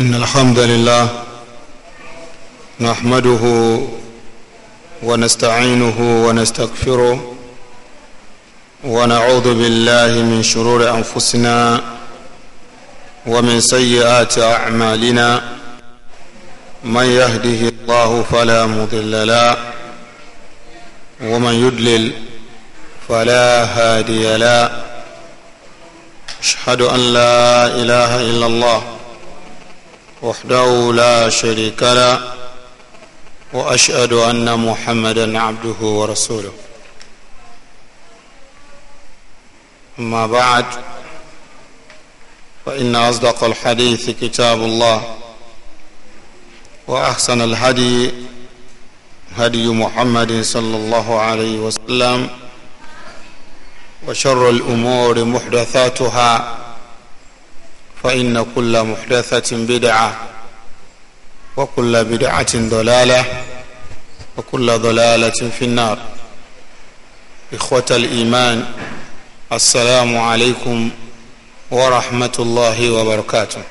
إن الحمد لله نحمده ونستعينه ونستغفره ونعوذ بالله من شرور أنفسنا ومن سيئات أعمالنا من يهده الله فلا مضل له ومن يدلل فلا هادي له أشهد أن لا إله إلا الله وحده لا شريك له واشهد ان محمدا عبده ورسوله اما بعد فان اصدق الحديث كتاب الله واحسن الهدي هدي محمد صلى الله عليه وسلم وشر الامور محدثاتها فإن كل محدثة بدعة وكل بدعة ضلالة وكل ضلالة في النار إخوة الإيمان السلام عليكم ورحمة الله وبركاته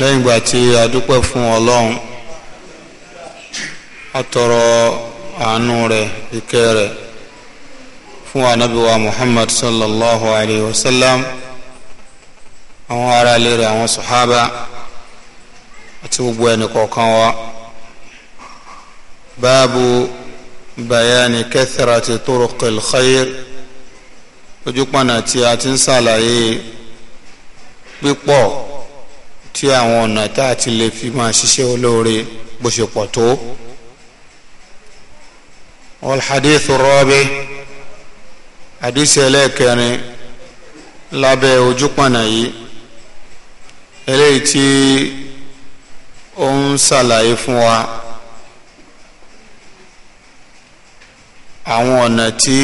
lẹ́yìn ìgbà tí a dúpẹ́ fún ọlọ́run a àánú rẹ̀ ìkẹ́ rẹ̀ fún anabiwa muhammad sallallahu alayhi wa sallam àwọn ará ilé rẹ̀ àwọn sòhábà àti gbogbo ẹnì kọ̀ọ̀kan wa báàbù bayani kathrati turuqil khair ojúpọ̀nà tí a ti ń ṣàlàyé pípọ̀ tí àwọn ọ̀nà tá a ti lè fi máa ṣiṣẹ́ olóore bó ṣe pọ̀ tó. والحديث الرابع àdísì ẹlẹ́ẹ̀kẹrin lábẹ́ ojúpọ̀nà yìí eléyìí tí ó ń ṣàlàyé fún wa àwọn ọ̀nà tí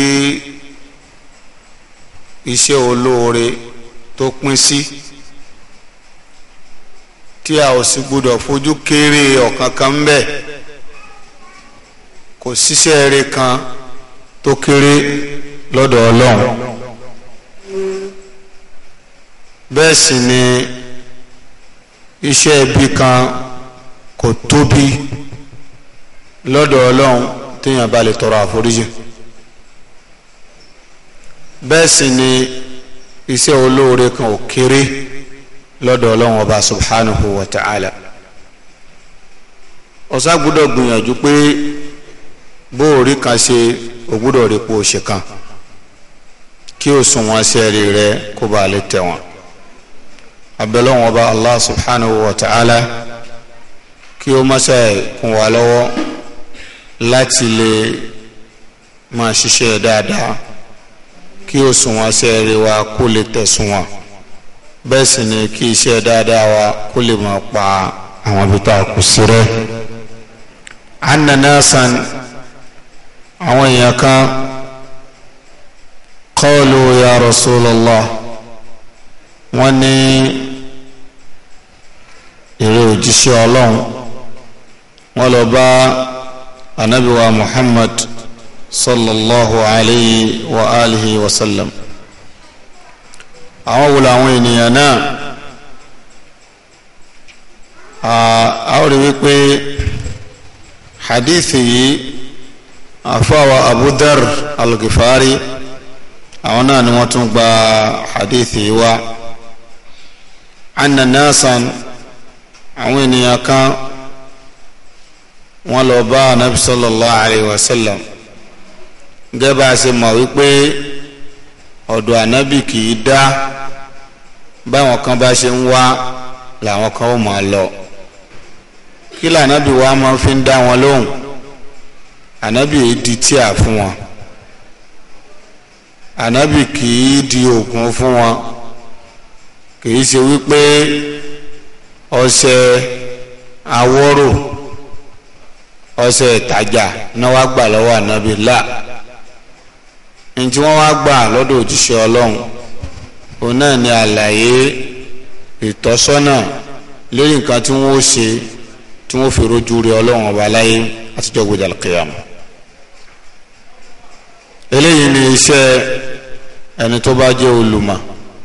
iṣẹ́ olóore tó pín sí tí a ò sì gbúdọ̀ fojú kéré ọ̀kankan ń bẹ kò síṣẹ́ eré kan tó kéré lọ́dọ̀ ọlọ́run bẹ́ẹ̀ sì ni iṣẹ́ ibi kan kò tóbi lọ́dọ̀ ọlọ́run téèyàn bá lè tọrọ àforíjì bẹ́ẹ̀ sì ni iṣẹ́ olóore kan ò kéré lọ́dọ̀ ọlọ́run ọba subhanahu wa ta'ala ọ̀sá gbọ́dọ̀ gbìyànjú pé bó o rí kan ṣe o gbọ́dọ̀ rí kan kí o sùn wọn sẹ́ẹ̀rì rẹ kó ba lè tẹ̀ wọn abẹ́lẹ́wọ̀n ọba allah subhanahu wa ta'ala kí o má ṣe kún wa lọ́wọ́ láti lè máa ṣiṣẹ́ dáadáa kí o sùn wọn sẹ́ẹ̀rì wa kó lè tẹ̀sùn wọn bẹ́ẹ̀ sì ni kí iṣẹ́ dáadáa wa kó lè máa pa àwọn ibi tá a kù sí rẹ́ anna nasan àwọn èèyàn kan qalu ya Rasulullah wọ́n ní èrè òjíṣẹ́ ọlọ́run wọ́n lọ bá anabi wa Muhammad sallallahu alayhi wa alihi wa sallam àwọn wùlọ àwọn ènìyàn náà a wípé hadithi yìí àfọwọ́ Abu al-Ghifari àwọn náà ni wọ́n tún gba hadithi wa anna nasan àwọn ènìyàn kan wọ́n lọ bá anabi sallallahu alayhi wa sallam gẹ́gẹ́ bá a ṣe mọ̀ wípé ọ̀dọ̀ anabi kì í dá báwọn kan bá ṣe ń wá làwọn kan ó máa lọ kí lànàbì wa máa fi ń dá wọn lóhùn anabi èdè tíà fún wọn ànábì kì í di òògùn fún wọn kì í ṣe wípé ọṣẹ awọ́rò ọṣẹ ìtajà náà wá gbà lọ́wọ́ ànábì là ní tí wá gbà lọ́dọ̀ òjíṣẹ́ ọlọ́run òun náà ni àlàyé ìtọ́sọ́nà lórí nǹkan tí wọ́n ó ṣe tí wọ́n fi rojú rí ọlọ́run ọba láyé àtijọ́ gbọdọ̀ kìyàmù eléyìí ni iṣẹ́ ẹni tó bá jẹ́ olùmọ̀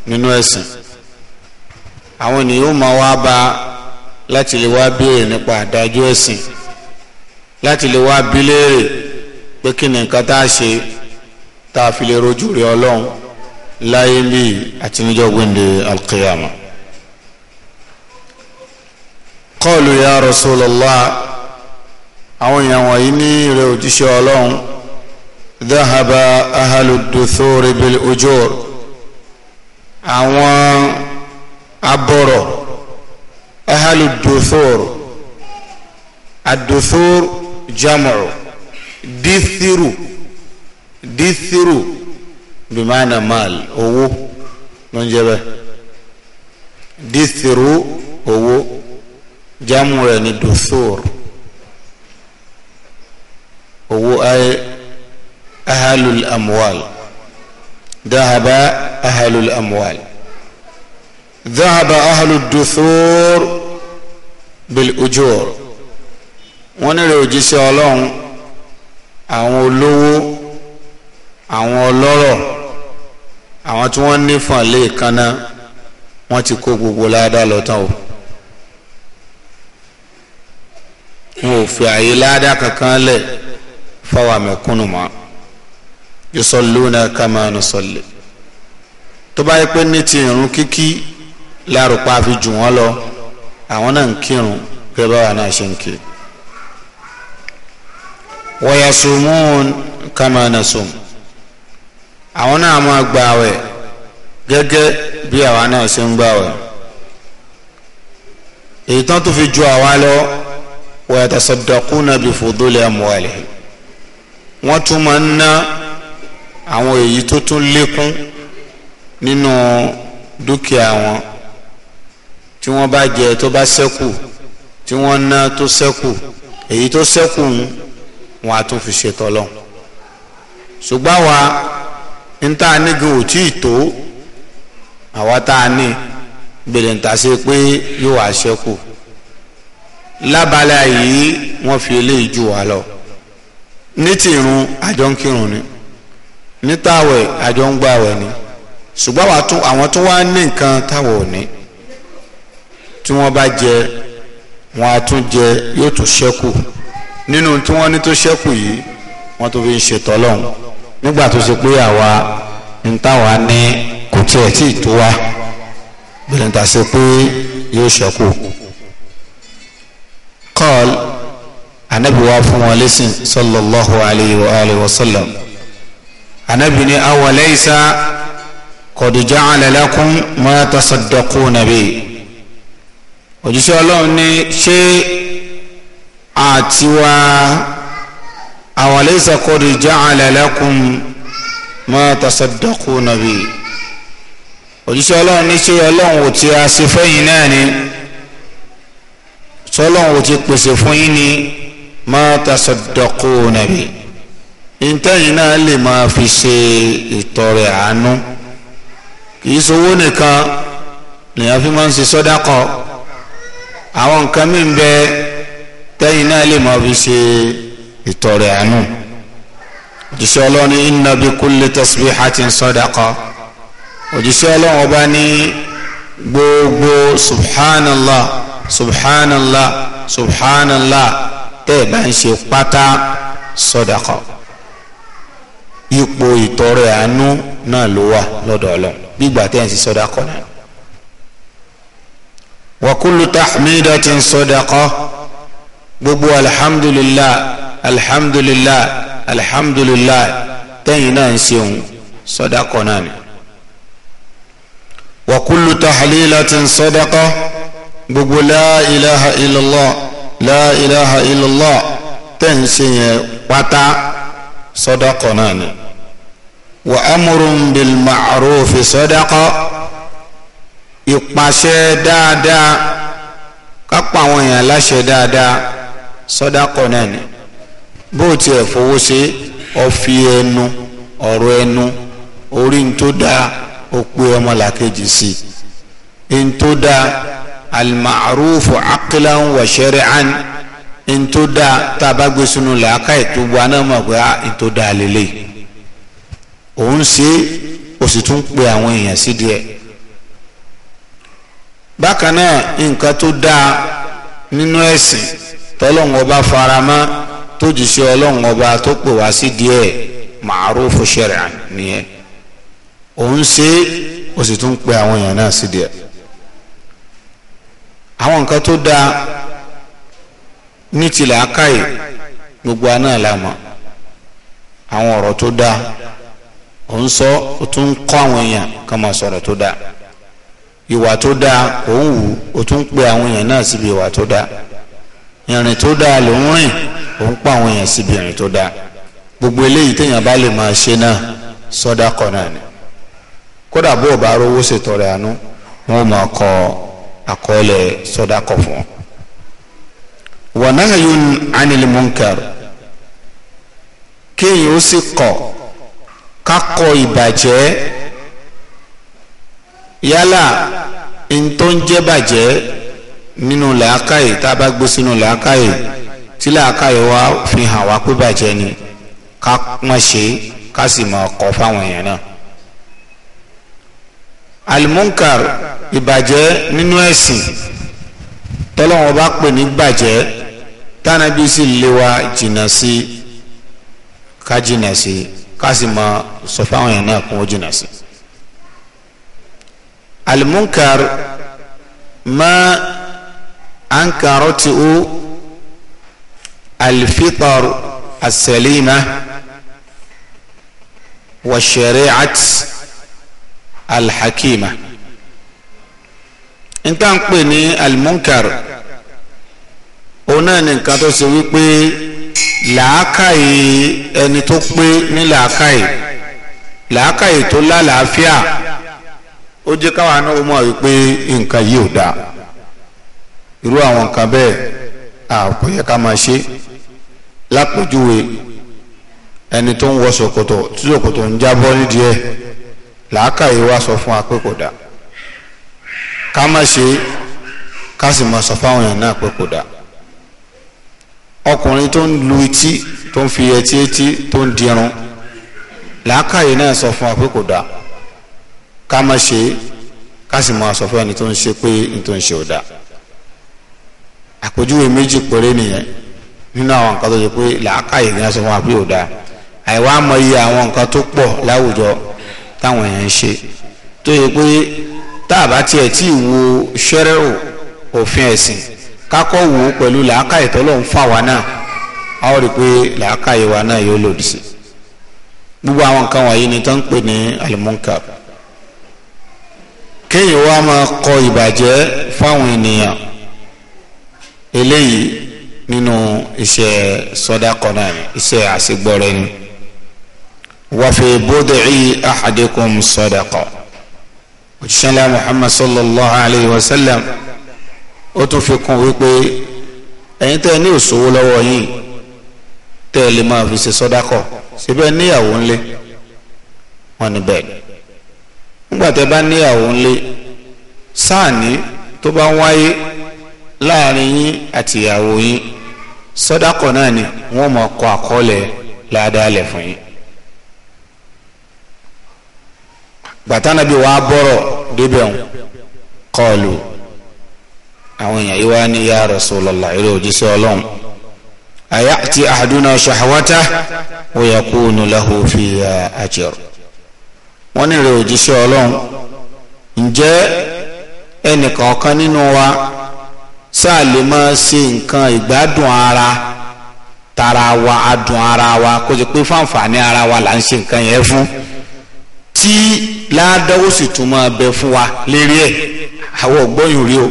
nínú ẹ̀sìn àwọn ènìyàn máa wá bá láti lè wá béèrè nípa àdájọ́ ẹ̀sìn láti lè wá bí léèrè pé kí ni nǹkan tá a ṣe tá a fi lè rojú rí ọlọ́run láyé bí àti níjọ́ gbẹ̀ndé alqiyama. qalu ya Rasulullah àwọn èèyàn wọ̀nyí ní ìrẹ òjíṣẹ́ ọlọ́run. ذهب أهل الدثور بالأجور عوان abọ̀rọ̀ أهل الدثور الدثور جمع دثر دثر بمعنى مال هو ló ń jẹ bẹ́ẹ̀ دثر owó هو أي أهل الأموال ذهب أهل الأموال ذهب أهل الدثور بالأجور ونرى وجيسي الله àwọn olówó àwọn ọlọ́rọ̀ àwọn tí wọ́n ní fún àlẹ́ ìkànnà wọ́n ti kó gbogbo ládàá lọ́tàn o wọn ò fi àyè ládàá kankan lẹ̀ fáwọn àmẹ̀kúnnù mọ́ yusalluna kama nusalli tó bá yẹ pé ní ti irun kíkí lárúpa fi jù wọ́n lọ àwọn náà ń kírun pé báwa náà ṣe ń kí wa yasumun kama nasum àwọn náà máa gbààwẹ̀ gẹ́gẹ́ bí àwa náà ṣe ń gbààwẹ̀ èyí tán tó fi ju àwa lọ wa yatasaddaquna bi fuduli amwalihim wọ́n tún máa ń ná àwọn èyí tó tún lékún nínú dúkìá wọn tí wọ́n bá jẹ tó bá ṣẹ́kù tí wọ́n ná tó ṣẹ́kù èyí tó ṣẹ́kù wọn a tún fi ṣètò lọ ṣùgbọ́n wa ń tá a nígi ò tí ì tó àwa tá a ní gbèrè ń ta ṣe pé yóò wá ṣẹ́kù lábala yìí wọ́n fi eléyìí jù wá lọ ní tìrun àjọ ni. Tirun, nítawẹ̀ àjọ ń gbàwẹ̀ ni ṣùgbọ́n àwọn tó wá ní nǹkan táwọn ò ní tí wọ́n bá jẹ wọn á tún jẹ yóò tún ṣẹ́kù nínú tí wọ́n ní tó ṣẹ́kù yìí wọ́n tó fi ń ṣe tọ́lọ́hún nígbà tó ṣe pé àwa ń táwa ní kò tiẹ̀ tí ì tó wa bẹ̀rẹ̀ ta ṣe pé yóò ṣẹ́kù. kọ́ọ̀lù anábìwá fún wọn lẹ́sìn sallallahu alayhi wa alihi wa anabi ni awalaysa qad ja'ala lakum ma tasaddaquna bi òjíṣẹ́ ọlọ́run ní ṣé àtiwá awalaysa qad ja'ala lakum ma tasaddaquna bi òjíṣẹ́ ọlọ́run ní ṣé ọlọ́run ò ti aṣe fẹ́yìn náà ni sọlọ́run ò ni ma tasaddaquna bi ìtẹ́yìn náà lè máa fi ṣe ìtọrẹ àánú kìí sowó nìkan lèyàn fi máa ń ṣe sọ́dákọ àwọn nǹkan mí bẹ tẹ́yìn náà lè máa fi ṣe ìtọrẹ àánú òjíṣẹ́ ọlọ́run inna bi kulli tasbihatin sọ́dákọ òjíṣẹ́ ọlọ́run ọba ní gbogbo subhanallah subhanallah subhanallah tẹ́ẹ̀ bá ń ṣe pátá sọ́dákọ ipò ìtọrẹ àánú náà ló wà lọ́dọ̀ Ọlọ́run gbígbà tẹ́ ẹ̀ ń sí sọ́dákọ̀ náà. wa kullu tahmidatin sọ́dákọ̀ gbogbo alhamdulillah alhamdulillah alhamdulillah tẹ́yìn náà ń ṣeun sọ́dákọ̀ náà ni. wa kullu tahlilatin sọ́dákọ̀ gbogbo la ilaha illallah la ilaha illallah tẹ́yìn ṣe pátá sọdọkọ náà ni wa amurun bil ma'ruf sọdọkọ ìpàṣẹ dáadáa kápá àwọn èèyàn láṣẹ dáadáa sọdọkọ náà ni bó tiẹ̀ fowó ṣe ọfi ẹnu ọ̀rọ̀ ẹnu orí ń tó dáa ó pé ọmọlàkejì sí i ń tó dáa al ma'ruf aqlan wa shari'an. ntó dáa tá a bá gbé itogbu làákà ètò wa náà mọ̀ ah, ntó dáa lélẹ̀ òun ṣe ó tún pe àwọn èèyàn sí bákan náà nǹkan tó dáa nínú ẹ̀sìn tọ́lọ́hún ọba faramá tójúṣe ọlọ́hún ọba tó pè wá sí díẹ̀ ma'rufu shar'an nìyẹn òun ṣe ó tún pe àwọn èèyàn náà tó da ní tilẹ̀ akáyè gbogbo aná làmọ́ àwọn ọ̀rọ̀ tó dáa ò ń sọ ó tún ń kọ́ àwọn èèyàn kan máa sọ̀rọ̀ tó dáa ìwà tó dáa ò ń wù ó tún ń pe àwọn èèyàn náà síbi ìwà tó dáa ìrìn tó dáa ló ń rìn ò ń pa àwọn èèyàn síbi ìrìn tó dáa gbogbo eléyìí téèyàn bá lè máa ṣe náà sọ́dá kọ́ náà ni kódà bó o bá rówó ṣètọrẹ àánú wọn ò máa kọ àkọọ́lẹ̀ sọ́dá kọ́ fún ọ wa nahyun anil munkar kéèyàn ó sì kọ̀ kakọ ìbàjẹ́ yálà ntọ́ ń jẹ́ bàjẹ́ nínú làákàyè tá a bá gbé sínú làákàyè tí làákàyè wa fi hàn wá pé bàjẹ́ ni ká má ṣe ká sì máa kọ̀ fáwọn èèyàn náà alimunkar ìbàjẹ́ nínú ẹ̀sìn tọ́lọ́wọ́n bá pè ní bàjẹ́ tánàbí sì lé wa jìnnà sí ká jìnnà sí ká sì máa sọ fáwọn èèyàn náà kún ó o alifitar asalima wa shari'at alhakima. n ta n pè ní alimunkar. Al òun náà ni nǹkan tó ṣe wípé làákàyè ẹni tó pé ní làákàyè làákàyè tó lálàáfíà ó jẹ́ káwa náà ó mọ̀ wípé nǹkan yìí ò dáa irú àwọn nǹkan bẹ́ẹ̀ àpò yẹ ká máa ṣe lápèjúwe ẹni tó ń wọ ṣòkòtò tí ṣòkòtò ń jábọ́ nídìí ẹ̀ làákàyè wa sọ fún wa pé kò dáa ká má ṣe ká sì máa sọ fáwọn èèyàn náà pé kò dáa ọkùnrin tó ń lu etí tó ń fi etí etí tó ń dirun làákàyè náà sọ fún wa pé kò dáa ká má ṣe ká sì máa sọ fún ẹni tó ń ṣe pé ní tó ń ṣe ò dáa àpèjúwe méjì péré nìyẹn nínú àwọn nǹkan tó ṣe pé làákàyè náà sọ fún wa pé ò dáa àìwá mọ iye àwọn nǹkan tó pọ̀ láwùjọ táwọn èèyàn ń ṣe tó yẹ pé tá a bá tiẹ̀ tí ì wo ṣẹ́rẹ́ òfin ẹ̀sìn kakọ́ wò ó pẹ̀lú làákàyè tọ́lọ́run fún àwa náà a ó rí i pé làákàyè wa náà yóò lòdì sí gbogbo àwọn nǹkan wọ̀nyí ni tó ń pè ní alimunka kéèyàn wa máa kọ ìbàjẹ́ fáwọn ènìyàn eléyìí nínú iṣẹ́ sọ́dákọ̀ náà iṣẹ́ àṣegbọ́rẹ́ ni wàfẹ́ bódìí ahadikum sọ́dákọ̀ òṣìṣẹ́ ńlá muhammad sallallahu alayhi wa sallam. ó tún fi kún wípé ẹ̀yin tẹ́ ẹ ní òṣòwò lọ́wọ́ yìí tẹ́ ẹ lè máa fi ṣe kọ̀ síbẹ̀ níyàwó ńlé wọn ni bẹ́ẹ̀ nígbà tẹ́ bá níyàwó ńlé sáàní tó bá wáyé láàrin yín àti ìyàwó yín náà ni wọ́n àkọọ́lẹ̀ ládàálẹ̀ fún yín. wàá bọ̀rọ̀ débẹ̀ àwọn èèyàn yìí wá ní ya Rasulullah eré òjíṣẹ́ ọlọ́run ayati ahaduna shahwata wa yakunu lahu fiha ajr wọ́n ní eré òjíṣẹ́ ọlọ́run ǹjẹ́ ẹnìkan kan nínú wa sáà lè máa ṣe nǹkan ìgbádùn ara tara wa adùn ara wa kó jẹ́ pé fáǹfààní ara wa là ń ṣe nǹkan yẹn fún tí ládàá ó sì tún máa bẹ fún wa lérí ẹ̀ àwọn ògbóyìn rí o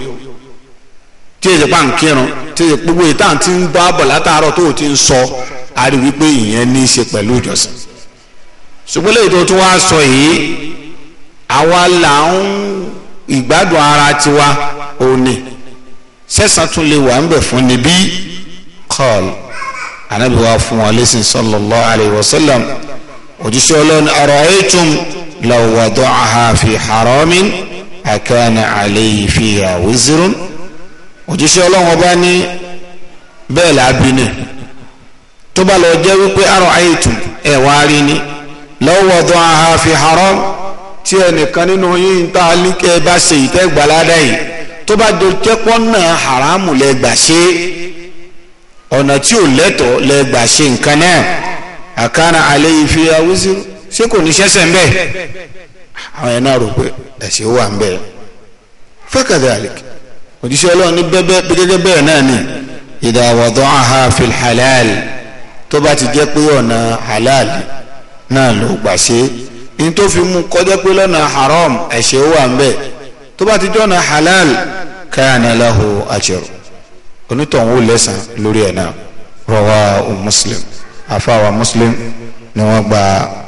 tí èsì pa nkírun tí èsì gbogbo ìta ti ń bá bọ̀ látàárọ̀ tó o ti ń sọ a rí wípé ìyẹn ní í ṣe pẹ̀lú ìjọsìn ṣùgbọ́n lẹ́yìn tó tún wá sọ yìí àwa là ń ìgbádùn ara tiwa òní sẹ́sàn tún lè wà ń bẹ̀ fún ni bí kọ́ọ̀l anabi fún wa lẹ́sìn sallallahu alayhi wa sallam òjíṣẹ́ ọlọ́run ara'aytum law wada'aha fi haramin akana alayhi fiha wizrun òjíṣẹ́ ọlọ́run ọba ní bẹ́ẹ̀ là á bí ni tó bá lọ jẹ́ wípé àrùn àìtù ẹ̀ wá rí ni lọ́wọ́ ọ̀dọ́ àhàfi haram tí ẹnìkan nínú yín tá a ní kẹ́ ẹ bá ṣe ìtẹ́ gbàládà yìí tó bá do jẹ́pọ́ náà haramu lẹ gbà ṣe ọ̀nà tí ò lẹ́tọ̀ lẹ gbà ṣe nǹkan náà àkàrà alẹ́ ìfi awúsí ṣé kò ní ṣẹ́ṣẹ̀ ń bẹ̀ àwọn yẹn náà rò pé ẹ̀ṣẹ̀ wà ń bẹ̀ fẹ́kẹ̀dẹ̀ àlèkè òjíṣẹ́ ọlọ́run ní bẹ́ẹ̀ gẹ́gẹ́ bẹ́ẹ̀ náà ni idha wada'aha fil halal tó bá ti jẹ́ pé ọ̀nà halal náà ló gbà ṣe ní tó fi mú kọjá pé lọ́nà haram ẹ̀ṣẹ̀ ó wà ń bẹ̀ tó bá ti jọ́nà halal kana lahu ajru onítọ̀hún ó lẹ́sàn lórí ẹ̀ náà rawahu muslim afáwa muslim ni wọ́n gba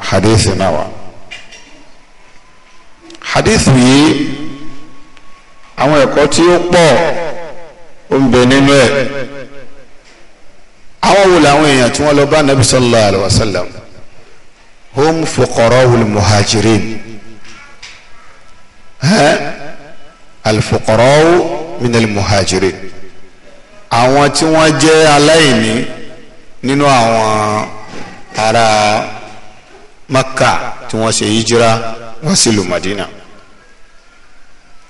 hadith náà wá hadith yìí àwọn ẹ̀kọ́ tí ó pọ̀ ó ń bẹ nínú ẹ̀ àwọn wo làwọn èèyàn tí wọ́n lọ bá nabi sallallahu alayhi wa sallam hum fuqara'ul muhajirin hẹ́n al-fuqara'u muhajirin àwọn tí wọ́n jẹ́ aláìní nínú àwọn ará Makka tí wọ́n ṣe hijira wá sílùú Madina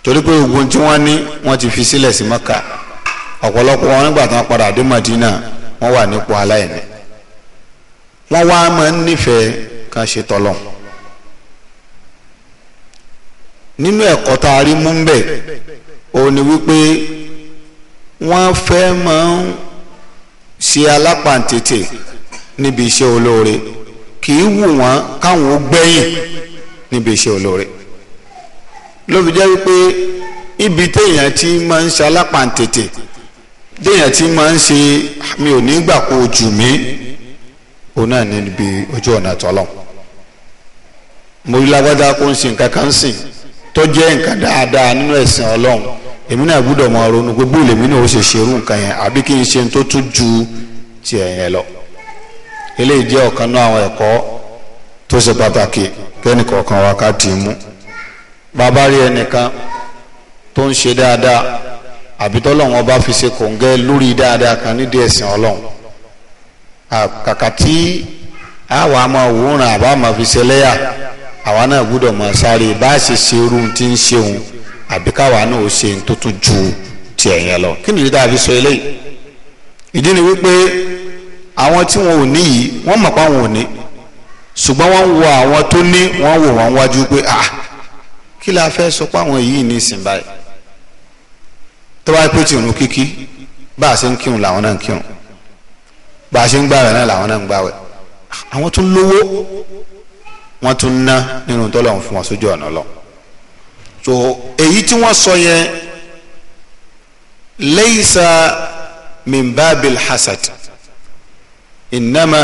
torí pé ogun tí wọ́n ní wọ́n ti fi sílẹ̀ sí Mẹ́kà ọ̀pọ̀lọpọ̀ wọn nígbà tí wọ́n padà dé Madina wọ́n wà nípò aláìní wọ́n wá máa ń nífẹ̀ẹ́ kan ṣe tọ́lọ̀ nínú ẹ̀kọ́ tá a rí mú bẹ́ẹ̀ òun ni wípé wọ́n fẹ́ máa ń ṣe alápàǹtètè níbi iṣẹ́ olóore kì í wù wọ́n káwọn ó gbẹ̀yìn níbi iṣẹ́ olóore ló fi jẹ́ wípé ibi téèyàn ti máa ń ṣe alápàǹtètè téèyàn ti máa ń ṣe mi ò ní gbà kó jù mí òun náà ní ibi ojú ọ̀nà tọ́lọ̀ mo rí lágbádá kó ń ṣe nǹkan kan sìn tó jẹ́ nǹkan dáadáa nínú ẹ̀sìn ọlọ́run èmi náà gbúdọ̀ máa ronú pé èmi náà ó ṣe ṣerú nǹkan yẹn àbí kí n ṣe tó tún ju ti ẹ̀yìn lọ eléyìí jẹ́ ọ̀kan náà àwọn ẹ̀kọ́ tó ṣe pàtàkì kẹ́nìkọ̀ọ̀kan wa mú bàbá rí ẹnìkan tó ń ṣe dáadáa àbí tọ́lọ́run ọba fi ṣe kòǹgẹ́ lórí dáadáa kan nídìí ẹ̀sìn ọlọ́run kàkà tí àwa máa wòran àbá máa fi ṣẹlẹ́yà àwa náà gbọ́dọ̀ máa sáré bá a ṣe ṣe irú tí ń ṣeun àbí káwa náà ó ṣe tó tún ju ti ẹ̀yìn lọ kí nìyí tá a fi sọ eléyìí ìdí ni wípé àwọn tí wọn ò ní yìí wọ́n mọ̀ pé àwọn ò ní ṣùgbọ́n wọ́n ń àwọn tó ní wọ́n wò wọ́n wájú pé ah kí la fẹ́ sọ pé àwọn yìí ní ìsìn báyìí tó bá pé tìrún kíkí bá a ṣe ń kírun làwọn náà ń kírun bá a ṣe ń gbààwẹ̀ náà làwọn náà ń gbààwẹ̀ àwọn tún lówó wọ́n tún ná nínú tó lọ́n fún wọn sójú ọ̀nà lọ so èyí tí wọ́n sọ yẹn laysa min babil hasad innama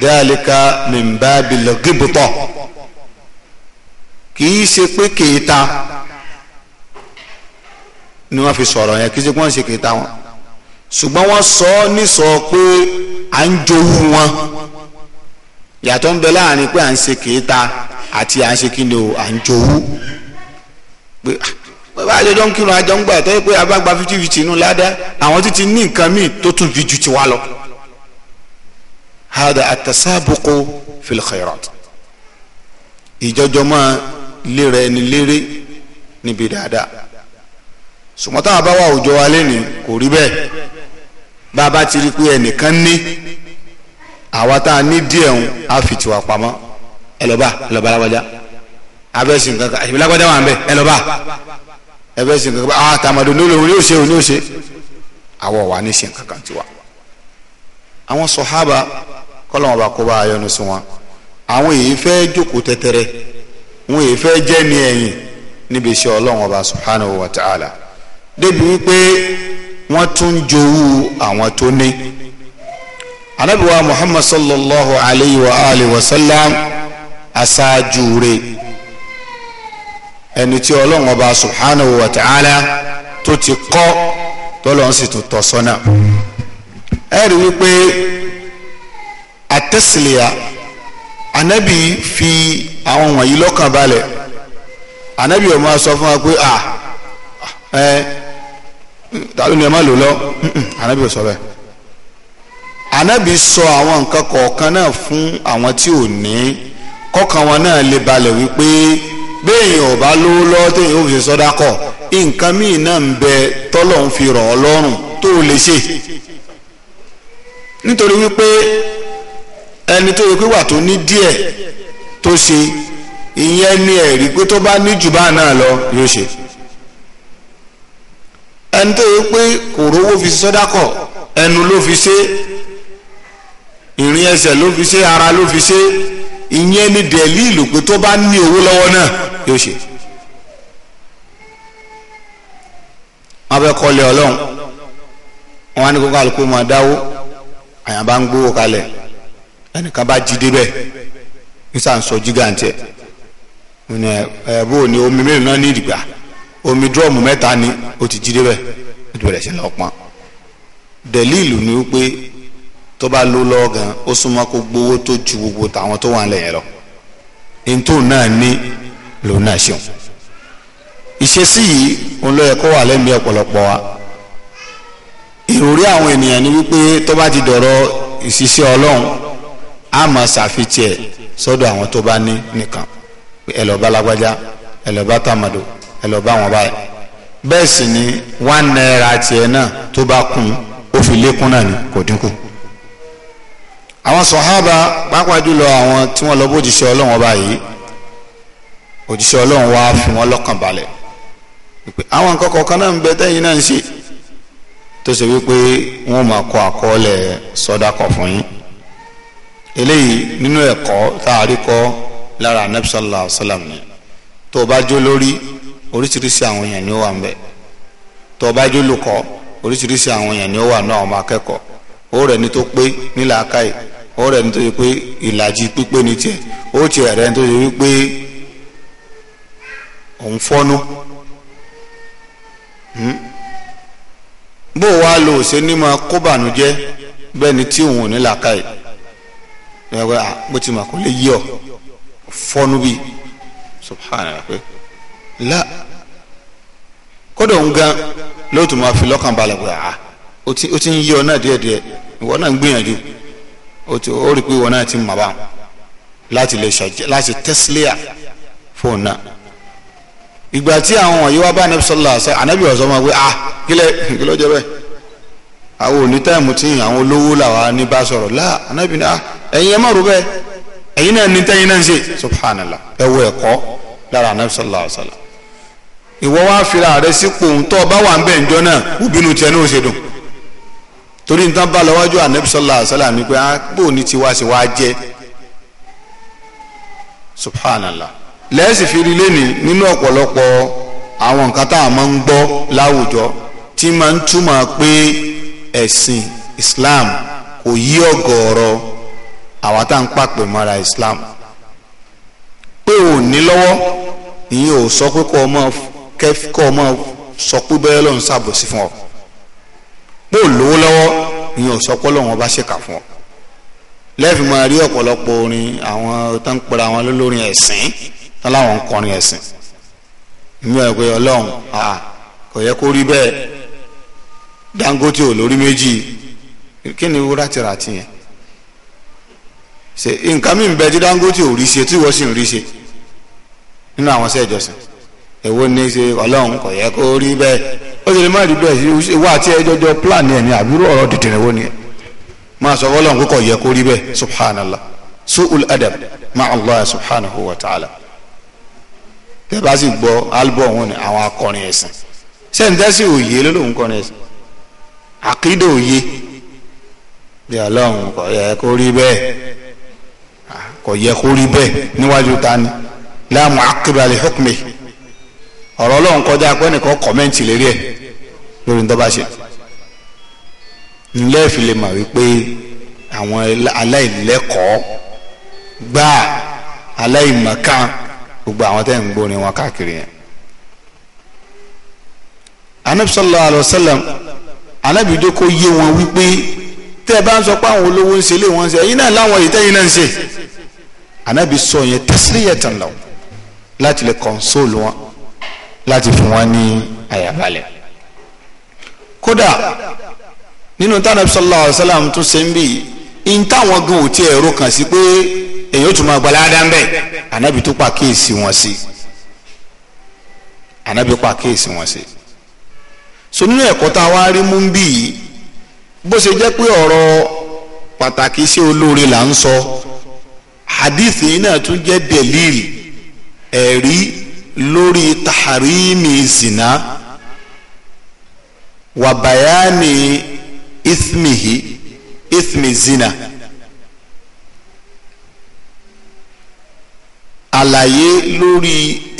dhalika min babil ghibta kì í ṣe pé kèéta ni wọ́n fi sọ̀rọ̀ yẹn kì í ṣe pé wọ́n ṣe kèéta wọn ṣùgbọ́n wọ́n sọ ọ́ nísọ pé à ń jowú wọn yàtọ̀ ń bẹ láàrin pé à ń ṣe kèéta àti à ń ṣe kíni o à ń jowú pé ah, bá a ń kírun àjọ ń gbà tẹ́ pé a fifty fifty inú ládàá àwọn títí ní nǹkan míì tó tún fi ju tiwa lọ. hada atasabuqu fil ìjọjọ máa léra ẹni léré níbi dáadáa sùmọ́tà àbáwá àwùjọ wa lẹ́nu kò rí bẹ́ẹ̀ bá a bá ti rí pé ẹnìkan ní àwa tá a ní díẹ̀ ń a fi tiwa pamọ́ ẹlọ́ba ẹlọ́ba alágbájá abẹ́sìn kankan àti ìbílágbájá wà ń bẹ̀ ẹlọ́ba ẹbẹ́sìn kankan àwọn àtàmọ̀dé olóòlù ní òṣè ní òṣè àwọ̀ wà ní sìn kankan tiwa àwọn sọ̀hábà kọ́lọ́mọba kó bá a yọ́nú sí wọn àwọn èyí fẹ́ jókòó tẹ́tẹ́rẹ́ wọn èyí fẹ́ jẹ́ ní ẹ̀yìn níbi iṣẹ́ ọlọ́run ọba subhanahu wa ta'ala débi wípé wọ́n tún ń jowú àwọn tó ní. anabiwa muhammad sallallahu alayhi wa alihi wa sallam aṣáájú rẹ̀ ẹni tí ọlọ́run ọba subhanahu wa ta'ala tó ti kọ́ tọ́lọ́run sì tún tọ́ sọ́nà. ẹ rí wípé àtẹ́sílẹ̀ anabi fi. àwọn wọ̀nyí lọ́kàn balẹ̀ ànábì ó máa sọ fún wa pé à ẹ tàbí ni ẹ má lò lọ ànábì ò sọ anabi sọ àwọn nǹkan kọ̀ọ̀kan náà fún àwọn tí ò ní kọ́kàn wọn náà lè balẹ̀ wípé béèyàn ò bá lówó lọ́wọ́ téèyàn ò fi sọ́dá kọ̀ nǹkan míì náà ń bẹ tọ́lọ̀ ń fi rọ̀ ọ́ lọ́rùn tó o lè ṣe nítorí wípé ẹni tó yẹ pé wà tó ní díẹ̀ ó ṣe ìyẹn ni ẹ̀rí pé tó bá ní jù bá náà lọ yóò ṣe ẹni tó yẹ pé kò rówó fi sọ́dákọ̀ ẹnu ló fi ṣe ìrìn ẹsẹ̀ ló fi ṣe ara ló fi ṣe ìyẹn ni dẹ̀líìlù pé tó bá ní owó lọ́wọ́ náà yóò ṣe. abẹ́kọ̀lé ọlọ́run wọn á ní kó kálukú máa dáwó àyàn bá ń gbówó kalẹ̀ ẹnìkan bá jí débẹ̀ nísà ń sọ jígà ń ni omi mélòó náà ni ìdìgbà omi dúrọ́ọ̀mù mẹ́ta ni ó ti jí débẹ̀ ó ti bẹ̀rẹ̀ sí lọ pọn dẹ̀líìlù ni wípé tó bá ló lọ́ọ́ gan ó súnmọ́ kó gbowó tó ju gbogbo tàwọn tó wà ń lẹ̀yìn lọ ntò náà ní lòun náà ìṣesí yìí òun ló yẹ wà lẹ́mìí ọ̀pọ̀lọpọ̀ wa ìròrí àwọn ènìyàn ni wípé tó ti dọ̀rọ̀ ìṣiṣẹ́ ọlọ́run á ṣàfihàn sọ́dọ̀ àwọn tó bá ní nìkan ẹ lọ bá lágbájá ẹ lọ bá tàmàdò ẹ lọ bá wọn báyìí bẹ́ẹ̀ sì ni one naira tiẹ̀ náà tó bá kún ó fi lékún náà ni kò dínkù àwọn sọ̀hábà pàápàá jùlọ àwọn tí wọ́n lọ bójúṣe ọlọ́wọ́n báyìí òjíṣẹ́ ọlọ́run wá fi wọ́n lọ́kàn balẹ̀ wípé àwọn nǹkan kọ̀ọ̀kan náà ń bẹ tẹ́yìn náà ń ṣe tó ṣe wípé wọ́n máa kọ àkọọ́lẹ̀ sọ́dákọ̀ fún yín eléyìí nínú ẹ̀kọ́ tá a rí kọ́ lára anabi sallallahu alayhi wa sallam ni tó o bá jó lórí oríṣiríṣi àwọn èèyàn ni ó wà ń bẹ tó o bá jó lùkọ́ oríṣiríṣi àwọn èèyàn ni ó wà náà ọmọ akẹ́kọ̀ọ́ ó rẹ̀ ni tó pé nílà akáyì ó rẹ̀ ni tó yẹ pé ìlàjì pípé ni tiẹ̀ ó tiẹ̀ rẹ̀ ni tó yẹ wípé òun fọ́nú hmm? bó o wá lò ó ṣe ní ma kó bànújẹ́ bẹ́ẹ̀ ni tí òun ò ní làákàyè ní a, ah, à bó ti mà kó lè yí ọ fọ́nú bí subhanahu pé la kódà òun gan lóòtú máa fi lọ́kàn balẹ̀ pé à ah, ó ti ń yí ọ náà díẹ̀díẹ̀ ìwọ náà ń gbìyànjú ó ti ó rí i pé ìwọ náà ti mà bá láti lè ṣàjẹ láti tẹ́sílẹ̀ fóun náà ìgbà tí àwọn wọ̀nyí wá bá anabi sọlá àṣẹ anabi ọ̀sọ́ máa wí à ah, kílẹ̀ kílẹ̀ bẹ́ẹ̀ àwọn òní táìmù tí àwọn olówó làwa ní bá sọ̀rọ̀ láà anábì ní à ah, ẹ̀yin ẹ̀ má rò bẹ́ẹ̀ ẹ̀yin náà ní tẹ́yin náà ń ṣe subhanallah ẹ wo ẹ̀kọ́ lára anábì sallallahu alaihi wasallam ìwọ wá fira rẹ sípò ńtọ́ bá wà ń bẹ̀ ńjọ́ náà òbínú tiẹ̀ náà ó ṣe dùn torí nǹkan bá lọ́wọ́jú anábì sallallahu alaihi ni pé ah, bó ní tiwa ṣe wá jẹ́ subhanallah lẹ́sìn fi rí lẹ́ni nínú ọ̀pọ̀lọpọ̀ àwọn nǹkan tá a máa ń gbọ́ láwùjọ tí máa ń túmọ̀ pé ẹ̀sìn Islam kò yí ọ̀gọ̀ọ̀rọ̀ àwa tá ń pàpè mọ́ra Islam pé ò ní lọ́wọ́ ìyẹn ò sọ pé kọ́ ọmọ kẹ́kọ́ ọmọ sọ pé bẹ́ẹ̀ lọ́n ṣàbòsí fún ọ pé ò lówó lọ́wọ́ ìyẹn ò sọ pé lọ́wọ́n bá ṣèkà fún ọ lẹ́ẹ̀fì máa rí ọ̀pọ̀lọpọ̀ orin àwọn tó ń pera àwọn lólórin ẹ̀sìn tó láwọn ń kọrin ẹ̀sìn ìmú ẹ̀ pé ọlọ́run kò yẹ kó rí bẹ́ẹ̀ Dangote ò lórí méjì kí ni wúrà ti rà tiyẹn ṣe nǹkan mi bẹ tí Dangote ò rí ṣe tí wọ́n sì ń rí ṣe nínú àwọn iṣẹ́ ìjọsìn èwo ni ṣe ọlọ́run kò yẹ kó rí bẹ́ẹ̀ ó sì lè má rí bẹ́ẹ̀ ṣe wá àti ẹjọ́jọ́ plan ẹ̀ ní àbúrò ọ̀rọ̀ dìdìrín wo ni ẹ̀ sọ fọlọ́run kó kò yẹ kó rí bẹ́ẹ̀ subhanallah su'ul adab ma'allah subhanahu wa ta'ala tẹ́ bá sì gbọ́ album wọn ni àwọn akọrin ẹ̀sìn ṣé ń tẹ́sí òye ló kọrin ẹ̀sìn àkídà òye bí ọlọ́run kò yẹ kó rí bẹ́ẹ̀ kò yẹ kó rí bẹ́ẹ̀ níwájú ta ni láàmú akébàlè hókùnmé ọ̀rọ̀ ọlọ́run kọjá pé nìkan kọ́mẹ́ǹtì lérí ẹ̀ lórí ní tọ́ba ṣe ńlẹ́ fi lè mọ̀ wípé àwọn aláìlẹ́kọ̀ọ́ gbá aláìmọ̀kan gbogbo àwọn tẹ́ ń gbórin wọn káàkiri yẹn. anabi sallallahu alayhi wa sallam alábìjọ kó yé wọn wípé tẹ́ ẹ bá ń sọ pé àwọn olówó ń ṣe lé wọn ń ṣe ẹ̀yin náà láwọn èyí tẹ́yin náà ń ṣe anábì sọ yẹn tẹ́sílẹ̀yẹ̀tàn lọ láti lè console wọn láti fún wọn ní àyàbalẹ̀ kódà nínú tánàbí sallallahu alaihi wasallam tún ṣe ń bì ń táwọn gan ò tiẹ̀ ro kàn sí pé èyí ó tún máa gbalẹ̀ ádá ń bẹ̀ anábì tó pa kéèsì wọn sí anábì pa kéèsì wọn sí so nínú ẹ̀kọ́ tá a wá rí mú bí yìí bó ṣe jẹ́ pé ọ̀rọ̀ pàtàkì iṣẹ́ olóore là ń sọ hadith yìí náà tún jẹ́ delil ẹ̀rí lórí taharimi zina wà bayani ismihi ismi zina àlàyé lórí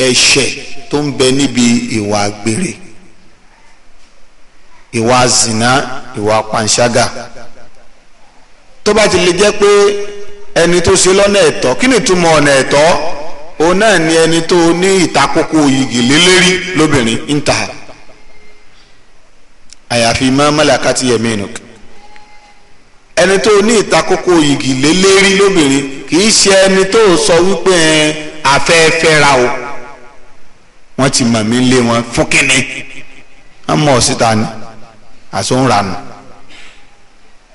ẹ̀ṣẹ̀ tó ń bẹ níbi ìwà àgbèrè ìwà zina ìwà panṣágà tó bá ti lè jẹ́ pé ẹni tó ṣe lọ́nà ẹ̀tọ́ kí ni túmọ̀ ọ̀nà ẹ̀tọ́ òun náà ni ẹni tó ní ìtakókò yìgì lélẹ́rí lóbìnrin intaha àyàfi ma malakati yaminuk ẹni tó ní ìtakókò yìgì lélẹ́rí lóbìnrin kì í ṣe ẹni tó sọ wípé afẹ́fẹ́ ra o wọ́n ti mọ̀ mí lé wọn fún kínní wọ́n mọ̀ ọ́ síta ni. Aso ń ranù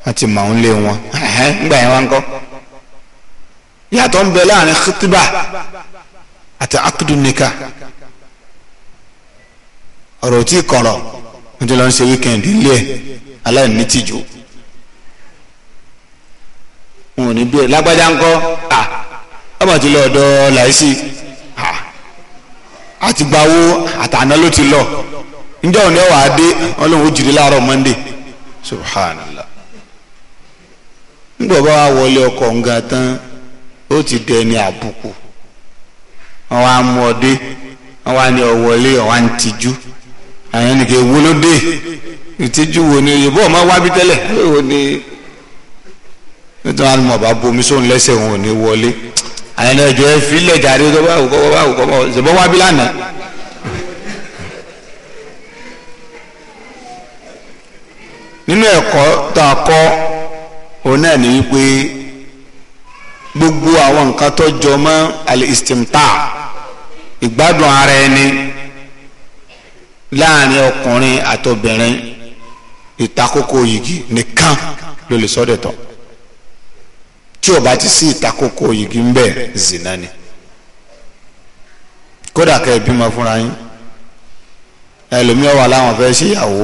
wọ́n ti mọ̀ ń lé wọn ńgbà yẹn wọn kọ́ yàtọ̀ ń bẹ láàrin khitiba àti akudunika ọ̀rọ̀ tí kọ̀rọ̀ wọ́n ti lọ ń ṣe wíkẹ́ndì ilé ẹ̀ aláìní tìjú wọn ò ní bí ẹ lágbájá ńkọ́ à ọmọ ti lọ ọ̀dọ̀ làásì à àti gbawó àtàná ló ti lọ. njẹ́ òní ẹ̀wà adé ọlọ́run ó jìrì láàárọ̀ monday subhanallah nígbà bá wa wọlé ọkọ nga tán ó ti dẹni àbùkù wọn wá mú dé wọn wá ní wọlé wọn wá ń tijú àyàn ló dé wo ni òyìnbó ọmọ wá bí wo ni nítorí àwọn bomi wọn ò ní wọlé àyàn nínú ẹ̀kọ́ tá a kọ́ òun náà ní wípé gbogbo àwọn nǹkan tó jọ mọ́ alistimta ìgbádùn ara ẹni láàrin ọkùnrin àtobìnrin ìtakókò yìgì nìkan ló lè sọ́dẹ̀ tán tí o bá ti sí ìtakókò yìgì ń bẹ zina ni kódà kẹ́ ẹ bímọ fúnra yín ẹlòmíràn wà láwọn fẹ́ ṣèyàwó.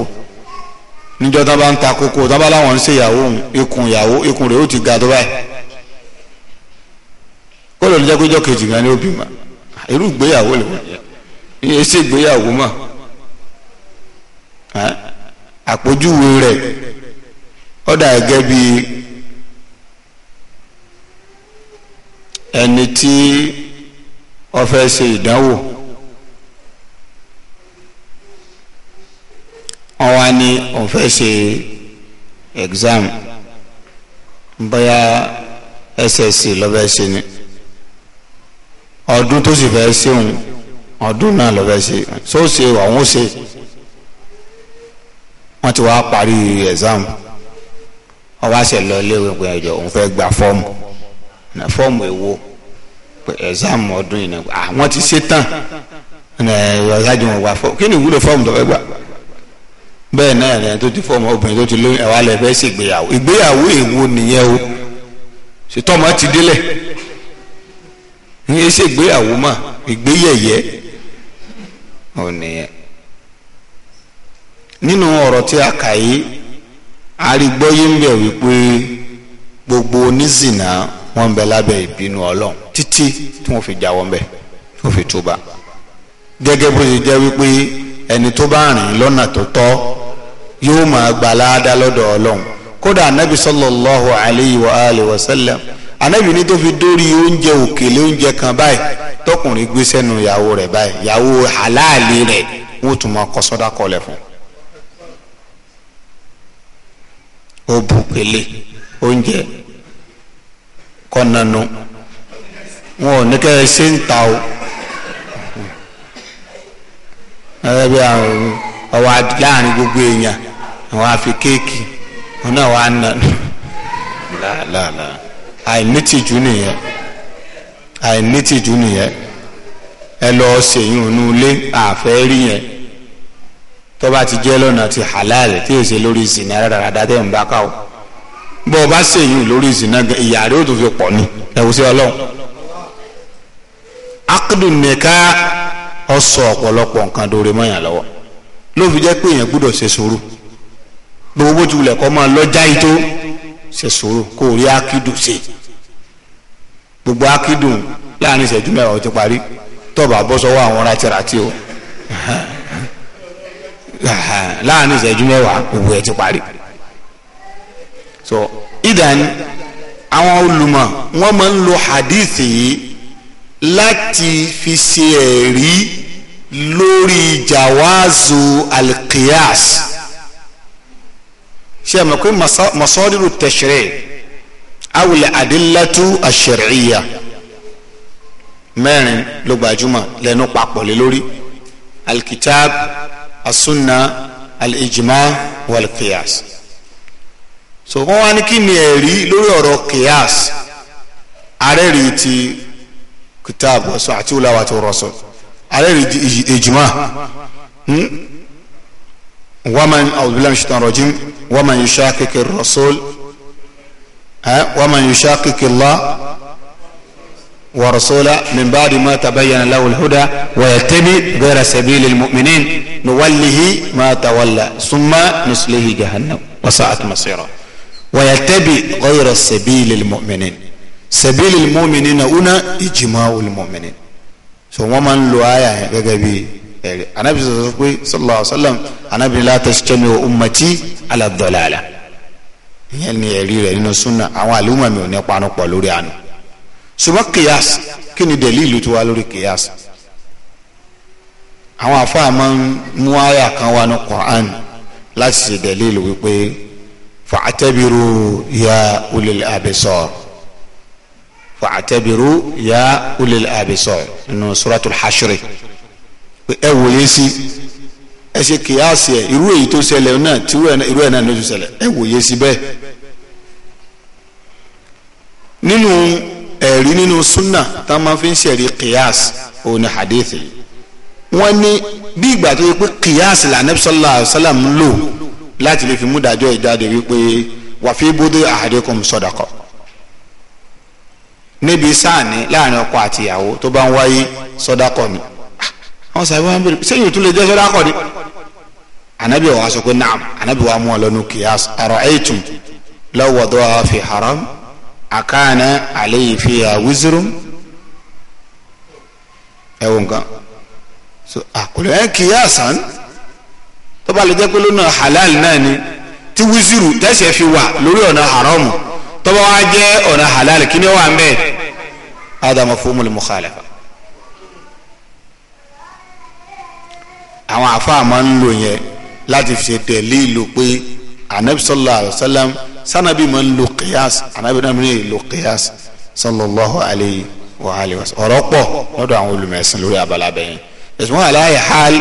níjọ́ tán bá ń ta kókó tán bá láwọn ń ṣe ìyàwó ikùn ìyàwó ikùn rẹ̀ ó ti ga tó báyìí kó jẹ́ kejì gan ni ó irú ìgbéyàwó lè wọ́n ìgbéyàwó gẹ́gẹ́ bí ẹni tí fẹ́ ṣe ìdánwò. wọ́n wá ní òun fẹ́ ṣe exam bóyá ssc lọ́fẹ́ ṣe ni ọdún tó sì fẹ́ ṣe òun ọdún náà lọ́fẹ́ ṣe so ṣe àwọn ṣe wọ́n ti wá parí exam wọ́n wá ṣe lọ ilé ìwé pé ẹ̀jọ̀ òun fẹ́ gba fọ́ọ̀mù na fọ́ọ̀mù èwo pé exam ọdún yìí náà ah, wọ́n ti ṣe tán ẹ̀ ọ̀ṣájú wọn wá fọ́ọ̀mù kí ni ìwúlò fọ́ọ̀mù tó fẹ́ gbà. bẹ́ẹ̀ náà tó ti fọmọ obìnrin tó ti lóyún ẹ̀wà lẹ̀ fẹ́ ìgbéyàwó èwo nìyẹn o ṣètọ́mọ ti délẹ̀ ní mà ìgbéyẹ̀yẹ́ ọ nìyẹn nínú ọ̀rọ̀ tí a kà arígbọ́yé ń bẹ̀ wípé gbogbo bẹ lábẹ́ ìbínú ọlọ́run títí tí wọ́n fi jáwọ́ ń bẹ̀ tí wọ́n fi túbà gẹ́gẹ́ bó ṣe jẹ́ wípé ẹni tó bá rìn lọ́nà tó tọ́ yóò máa gbà láàdá lọ́dọ̀ ọlọ́run kódà anabi sallallahu alayhi wa alihi wa sallam anabi ní tó fi dórí oúnjẹ òkèlè oúnjẹ kan báyìí tọkùnrin gbé sẹ́nu ìyàwó rẹ̀ báyìí ìyàwó halali rẹ̀ wọ́n tún máa kọ́ sọ́dá kọlẹ̀ fún un. ó bu pèlè oúnjẹ kọ́nanu wọn ò ní kẹ́ ẹ ṣe ń ta o ẹgbẹ́ bí àwọn ọwọ́ láàrin gbogbo èèyàn wọn á fi kéèkì wọn náà wà á nà láàlá àìnítìjú nìyẹn àìnítìjú nìyẹn ẹ lọ ṣèyún inú ilé àfẹ́ rí yẹn tó bá ti jẹ́ lọ́nà ti halal tí yóò ṣe lórí ìsìnà rárá dáadáa ń bá ká o bó o bá ṣèyún lórí ìsìnà ìyá rẹ ó tó fi pọ̀ ni ẹ wò sí ọlọ́run akudu nìka ọsọ ọ̀pọ̀lọpọ̀ nǹkan dòre mọ́yàn lọ́wọ́ ló fi jẹ́ pé èèyàn gbúdọ̀ ṣe sùúrù gbogbo bó ti wulẹ̀ kọ́ máa lọ́jà yìí tó ṣe sòrò kó o rí akídùn ṣe gbogbo akídùn láàrin ìṣẹ́jú mẹ́wàá ó ti parí tọ́ba bọ́ sọ́wọ́ àwọn rátirátí o láàrin ìṣẹ́jú mẹ́wàá òwò ẹ̀ ti parí so idan àwọn olùmọ̀ wọ́n máa ń lo hadith yìí láti fi ṣe ẹ̀rí lórí jawazu alqiyas ṣe àmọ́ pé masọ́rìrù tẹ̀sírẹ̀ awùlẹ̀ àdìlẹ́tù àṣẹ̀ríyà mẹ́rin ló gbajúmọ̀ lẹ́nu papọ̀ lé lórí alkitab asunna alijima walkiyas so wọ́n wá ní kí ni ẹ̀rí lórí ọ̀rọ̀ kiyas arẹ́rì ti kitab ọ̀sọ̀ àti wùlà wàtí rọ̀sọ̀ arẹ́rì ijima wàmán àwùjọ bí lẹ́nu ṣètò ọ̀rọ̀ ومن يشاكك الرسول ها ومن يشاكك الله ورسوله من بعد ما تبين له الهدى ويتبع غير سبيل المؤمنين نوله ما تولى ثم نسله جهنم وساءت مصيره ويتبع غير سبيل المؤمنين سبيل المؤمنين هنا اجماع المؤمنين ثم من لوايا يعني، غبي ẹ̀rẹ̀ anabi sọ̀rọ̀ pé sallallahu alaihi wasallam anabi la tajtami ummati ala dalala ìyẹn ni ẹ̀rí rẹ̀ nínú súnà àwọn àlùmọ̀ mi ò ní panu pọ̀ lórí àná ṣùgbọ́n kìyàs kí ni dẹ̀líìlù tó wá lórí kìyàs àwọn àfáà máa ń mú àyà kan wá ní Qur'an láti ṣe dẹ̀líìlù wípé fa'atabiru ya ulil abisar fa'atabiru ya ulil abisar nínú suratul hashri pé ẹ wòye sí ẹ ṣe kìyàsí ẹ irú èyí tó ṣẹlẹ̀ náà tí irú ẹ̀ náà ló tún ṣẹlẹ̀ ẹ wòye sí bẹ́ẹ̀ nínú ẹ̀rí nínú súnà tá a máa fi ń ṣẹ̀rí kìyàs òun ni hadithi wọ́n ní bí ìgbà tó yẹ pé kìyàs lànàbí sallallahu alaihi wasallam lò láti lè fi mú dájọ́ ìjáde wípé wàfi bóde ahadikum sadaqa níbi sáà ní láàrin ọkọ àtìyàwó tó bá ń wáyé sọdakọ ni àwọn sàbí wọn bèrè sẹ́yìn tún lè jẹ́ sọ́dọ̀ akọ́ni anabi wa sọ pé naam anabi wa mú ọ lọ́nu kìyàs ara'aytum law wadaha fi haram akana alayhi fiha wizrun ẹ wọ nǹkan so àkùlẹ̀ ẹ kìyàsán tó bá lè jẹ́ pé lọ́nà halal náà ni tí wíṣírù tẹ̀sẹ̀ fi wà lórí ọ̀nà haramu tó bá jẹ́ ọ̀nà halal kí ni wà ń bẹ́ẹ̀ ádámù fún mọ̀lẹ́mú khalafa. àwọn àfáà máa ń lò yẹn láti fi ṣe tẹ̀lé ìlò pé anabi sallallahu alayhi wa sallam sanabi máa ń lo qiyas anabi náà máa ń lo qiyas sallallahu alayhi wa alayhi wa sallam ọ̀rọ̀ pọ̀ lọ́dọ̀ àwọn olùmẹ̀sìn lórí abala bẹ́yìn ẹ̀sùn wọn aláyẹ̀ hàl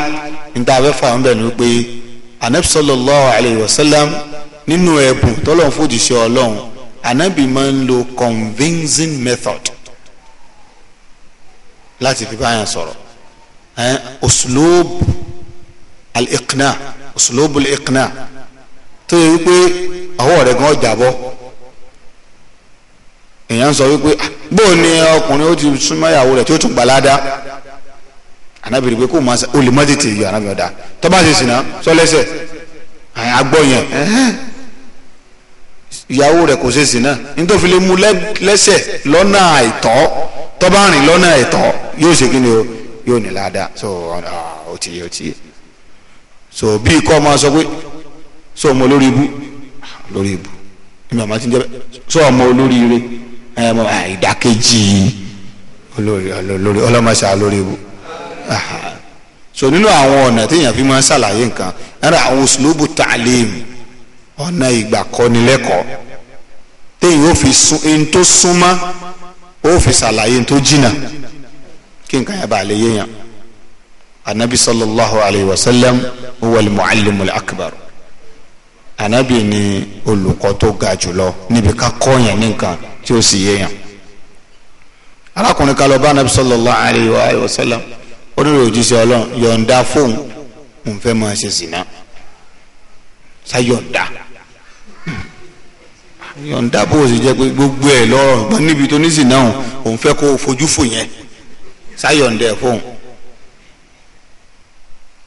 níta fẹ́ fà ń bẹ̀ ni pé anabi sallallahu alayhi wa sallam nínú ẹ̀bùn tọ́lọ́n fòjìṣẹ́ ọlọ́run anabi máa ń lo convincing method láti fi báyàn sọ̀rọ̀ ẹ̀ uslub al-iqna uslubu al-iqna tó yẹ wípé ọwọ́ rẹ̀ gan ọjà bọ́ èèyàn sọ wípé ah, bó ni ọkùnrin ó ti súnmọ́ ìyàwó rẹ̀ tí ó tún gbà ládàá anábìrì pé kó máa ṣe olè mọ́tì tì yọ anábìrì ọ̀dà tó bá ṣe sìnà sọlẹ́sẹ̀ àgbọ̀ yẹn ìyàwó rẹ̀ kò ṣe sìnà nítorí lè mú lẹ́sẹ̀ lọ́nà àìtọ́ tó bá rìn lọ́nà àìtọ́ yóò ṣe kí ni o yóò ní ládàá so ó ti yé ó ti yé so bíi kọ́ máa sọ pé so ọmọ olórí ibú ah, olórí ibú ẹ̀mí àmọ́ ti ń jẹ́ bẹ́ẹ̀ so ọmọ olórí ire ẹ̀ mọ ah, ìdákejì olórí olórí ọlọ́mọṣà olórí ibú ah, so nínú àwọn ọ̀nà téèyàn fi máa ń ṣàlàyé nǹkan ẹ̀rọ àwọn uslubu ta'lim ọ̀nà ìgbàkọ́nilẹ́kọ̀ọ́ téèyàn ó fi sún ẹni tó súnmọ́ ó fi ṣàlàyé ẹni tó jìnnà kí nǹkan yẹn bá lè yéèyàn anabi sallallahu alayhi wa sallam wal muallimul akbar anabi ni olùkọ́ tó ga jùlọ níbi ká kọ́yàn nìkan tí ó sì yéèyàn arákùnrin kan lọ bá anabi sallallahu alayhi wa sallam onírò òjíṣẹ́ ọlọ́run yọ̀ǹda fóun òun fẹ́ máa ṣe sìnà sáyọ̀ǹda yọ̀ǹda bó o sì jẹ́ pé gbogbo ẹ̀ lọ́rọ̀ níbi tó ní sìnà òun fẹ́ kó o fojú fò yẹn sáyọ̀ǹda ẹ̀ fóun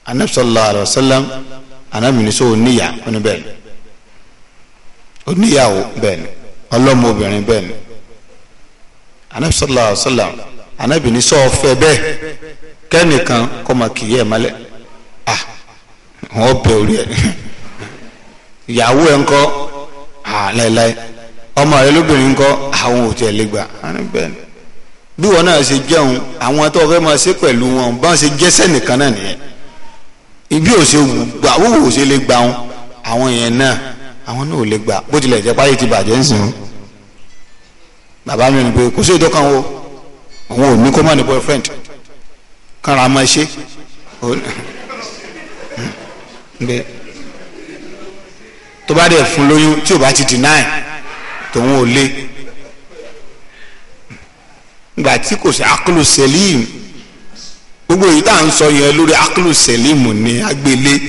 anabi sallallahu alayhi wa sallam anabi ní sọ oníyà ọni bẹ́ẹ̀ ni oníyàwó bẹ́ẹ̀ ni ọlọ́mọbìnrin bẹ́ẹ̀ ni anabi sallallahu alayhi wa sallam anabi ní sọ ọfẹ bẹ́ẹ̀ kẹ́nìkan kọ́ ma kì í yẹ malẹ̀ ah wọ́n bẹ orí ẹ̀ ìyàwó ẹ̀ ńkọ́ ah láéláé ọmọ rẹ lóbìnrin ńkọ́ àwọn ah, ò tiẹ̀ lè gbà anabi bẹ́ẹ̀ ni bí wọn náà ṣe jẹun àwọn tó fẹ́ máa ṣe pẹ̀lú wọn bá ṣe jẹ́sẹ̀ nìkan náà nìyẹn ibi ò ṣe wù gbà wúwo ò ṣe lè gbà wọn àwọn yẹn náà àwọn náà ò lè gbà bó tilẹ̀ jẹ́ páyé ti bàjẹ́ ń sìn wọn bàbá mi ni pé kò sí ìdọ́kan wo òun ò ní kó má ní boyfriend kára máa ṣe hmm. bẹ́ẹ̀ tó bá dẹ̀ fún lóyún tí ò bá ti deny tòun ò lé gbà tí kò sí akulu selim gbogbo èyí tá à ń sọ yẹn lórí aklu selimu ni agbélé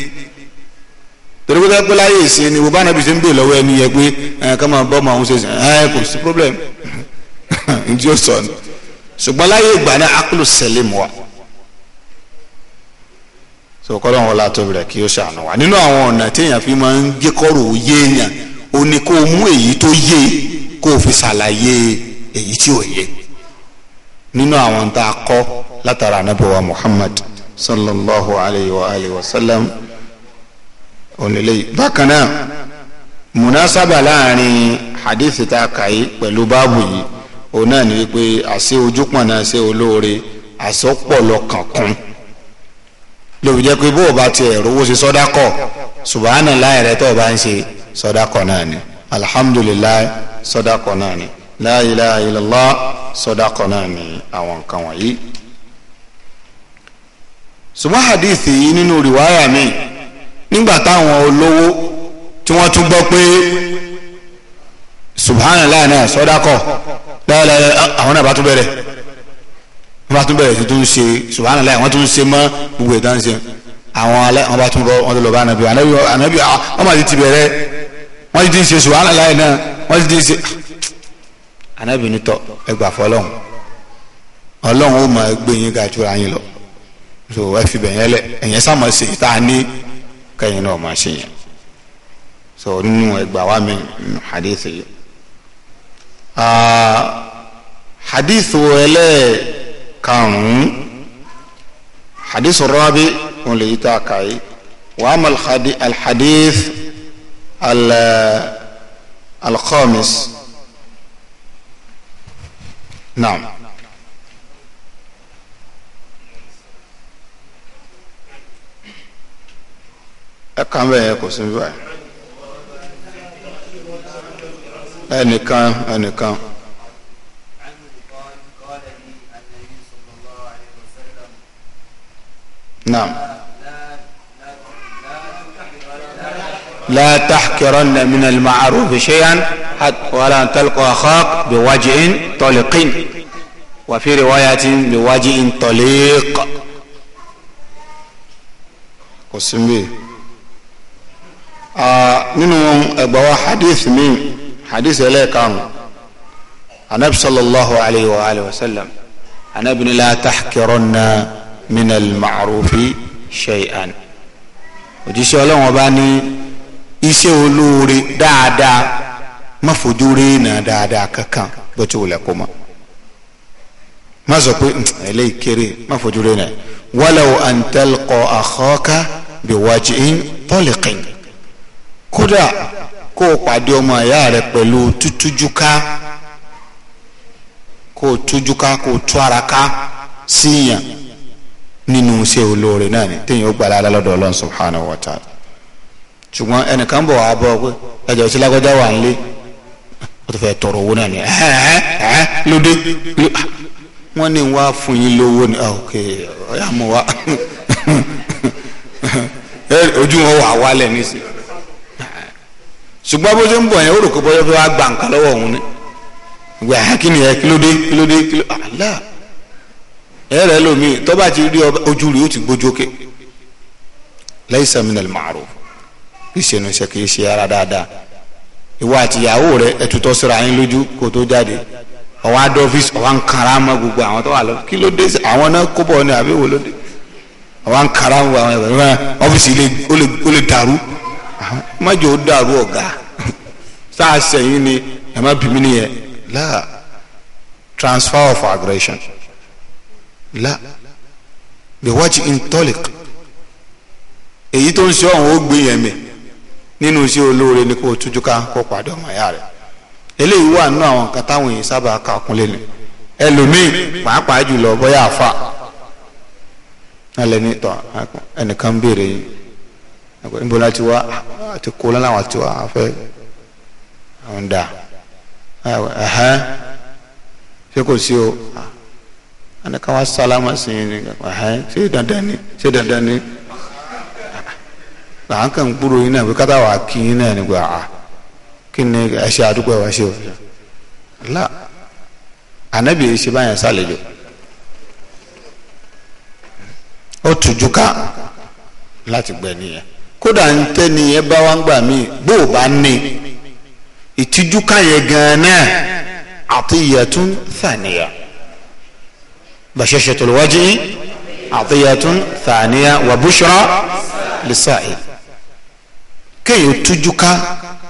torí pé pé láyé ìsìn ni bùbá nàbì ṣe ń bè lọ́wọ́ ẹni yẹ pé ẹ ká máa bọ́ ọmọ àwọn ṣe ẹ kò sí problem njẹ ó sọ ni ṣùgbọ́n láyé ìgbà ní aklu selimu wa so kọ́lọ́n wọlé àtọ́bí rẹ̀ kí ó ṣàánú wa nínú àwọn ọ̀nà téèyàn fi máa ń gé kọ́rọ̀ òye èèyàn ò ní kó mú èyí tó yé kó fi ṣàlàyé èyí tí ò yé nínú àwọn tá kọ́ látara anabi wa muhammad sallallahu alayhi wa alihi wa sallam onílẹ̀yìí bákan náà munasaba láàrin hadith tá a kà yìí pẹ̀lú báàbù yìí òun náà ni wípé àṣẹ ojúpọ̀n náà ṣe olóore àsọpọ̀lọ kankan lóbi jẹ́ pé bó o bá tiẹ̀ rówó ṣe sọ́dákọ̀ subahana láì rẹ tó o bá ń ṣe sọ́dákọ̀ náà ni alihamudulilayi sọ́dákọ̀ náà ni la ilaha illallah sọ́dákọ̀ náà ni àwọn nǹkan wọ̀nyí ṣùgbọ́n hadithi yìí nínú rìwáyà mi nígbà táwọn olówó tí wọ́n tún gbọ́ pé subhanallah náà sọ́dákọ̀ láìláì ah, àwọn náà bá tún bẹ̀rẹ̀ wọ́n bá tún bẹ̀rẹ̀ sí tún ṣe subhanallah wọ́n tún ṣe mọ́ gbogbo ìtàn ṣe àwọn alẹ́ wọ́n bá tún rọ wọ́n tún lọ bá anabi anabi anabi wọ́n máa ti bẹ̀rẹ̀ wọ́n ti ti ṣe subhanallah náà wọ́n ti ti ṣe anabi ah. nítọ́ ẹgbàá fọlọ́hún ọlọ́hún ó máa gbé yín ga jura lọ so ẹ fi bẹ̀yẹn lẹ ẹ̀yẹn sá máa ṣe tá a ní kẹ́yìn náà máa ṣe so nínú ẹgbàá wa mi nínú hadith yìí hadith wo ẹlẹ́ẹ̀karùn-ún hadith rabi òun lè yí tá a kà wa ama alhadith alkhamis naam. ẹ̀ka mẹ́ẹ̀ kò sí báyìí ẹnìkan ẹnìkan. نعم لا تحقرن من المعروف شيئا ولا تلقى أخاك بوجه طلق وفي رواية بوجه طليق قسم به nínú ẹgbà wa hadith mi hadith ẹlẹ́ẹ̀karùn anabi sallallahu alayhi wa alayhi wa sallam anabi ni la tahkiranna min al-ma'rufi shay'an òjíṣẹ́ ọlọ́wọ́n bá ní iṣẹ́ olóore dáadáa má fojú réènà dáadáa kankan bó ti wùlẹ̀ kó mọ́ má sọ pé eléyìí kéré má fojú réènà walaw an talqa akhaka biwajhin taliqin kódà kó o pàdé ọmọ ìyá rẹ pẹ̀lú tútújúká kó o tújúká kó o tú ara ká síyàn nínú iṣẹ́ olóore náà ni téèyàn ó gbà lálẹ́ lọ́dọ̀ ọlọ́run subhanahu wa ta'ala ṣùgbọ́n ẹnìkan bọ̀ wá bọ̀ pé ẹjọ́ sí lágbájá wà nílé ó ti fẹ́ tọrọ owó náà ni lóde wọ́n ní wá fún yín lówó ni ah, ok ọ̀yà mọ̀ wá ojú wọn wà wálẹ̀ nísìnyí ṣùgbọ́n bó ṣe ń bọ̀ yẹn ó rò kó bọ́jọ́ tó wá gba nǹkan lọ́wọ́ òun ni gbà á kí ni ẹ kílódé kílódé kílódé àlá ẹ rẹ lómi tó bá ti rí ojú rí ó ti gbójókè laysa minal ma'ruf kì í ṣe nu iṣẹ́ kì í ṣe ara dáadáa ìwọ àti ìyàwó rẹ ẹ tutọ́ síra lójú kó tó jáde ọwọ́ adé ọ́fíìsì ankara mọ́ gbogbo àwọn tó wà lọ kí ló dé àwọn náà kó bọ̀ ni àbí wo ló dé ọwọ́ ankara mọ́ àwọn ẹ̀ ọ́fíìsì ó lè dàrú májò dàrú ọ̀gá saa sa ni ẹ e ma bí mi la transfer of aggression la bẹ̀wájú intolic èyí tó ń ṣe ọ̀hún ó gbé yẹn mi nínú iṣẹ́ olóore ni kò tújú ká kó padà ọmọ ìyá rẹ̀ eléyìí wà nínú àwọn nǹkan táwọn ka kúnlé ni ẹlòmíì pàápàá jùlọ bóyá àfa alẹ́ nítọ́ béèrè yìí níbo la ti wá àti kó lọ́nà àwọn àti wá àfẹ́ àwọn dà ẹ̀hẹ́n ṣé kò sí o àni káwọn sálámà sí i ni ẹ̀hẹ́n ṣé dandan ni ṣé dandan ni là ń kàn gbúrò yín náà pé kátà wà kí yín náà nígbà à ah, kí ni ẹ ṣe àdúgbò ẹ wá ṣe o là ànábì yìí ṣe báyẹn sálejò ó tùjú ká láti gbẹ nìyẹn kódà ń tẹ́ni yẹn bá wá ń gbà mí bó o bá ní ìtìjú káyẹ gan-an atiyatun thaniya bashashatul wajhi atiyatun thaniya wa bushra lisa'il kéèyàn tújú ká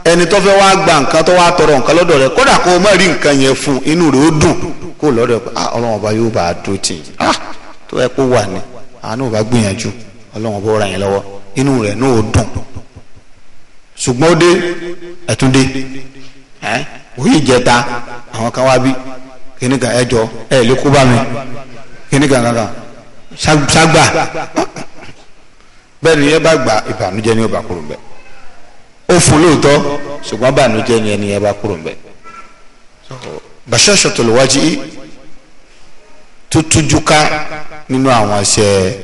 ẹni tó fẹ́ wá gba nǹkan tó wá tọrọ nǹkan lọ́dọ̀ rẹ̀ kódà kó o má rí nǹkan yẹn fún inú rẹ̀ ó dùn kó o lọ́dọ̀ rẹ̀ ah ọlọ́run ọba yóò bá a dó tì í ah tó yẹ kó wà ní àánú ọba gbìyànjú ọlọ́run ọba ó ra yẹn lọ́wọ́ inú rẹ̀ náà ó dùn ṣùgbọ́n ó dé ẹ̀túndé ẹ̀ òye ìjẹta àwọn kan wá bí kíní kan ẹ jọ ẹ lè kó bá mi kíní kan kankan ṣàgbà bẹ́ẹ̀ ni yẹn bá gbà ìbànújẹ́ ni ó bá kúrò bẹ́ẹ̀ ó fún lóòótọ́ ṣùgbọ́n ìbànújẹ́ ni ẹni yẹn bá kúrò bẹ́ẹ̀ bàṣẹ́ṣọ̀ tó lè wájú yìí tó tújú ká nínú àwọn iṣẹ́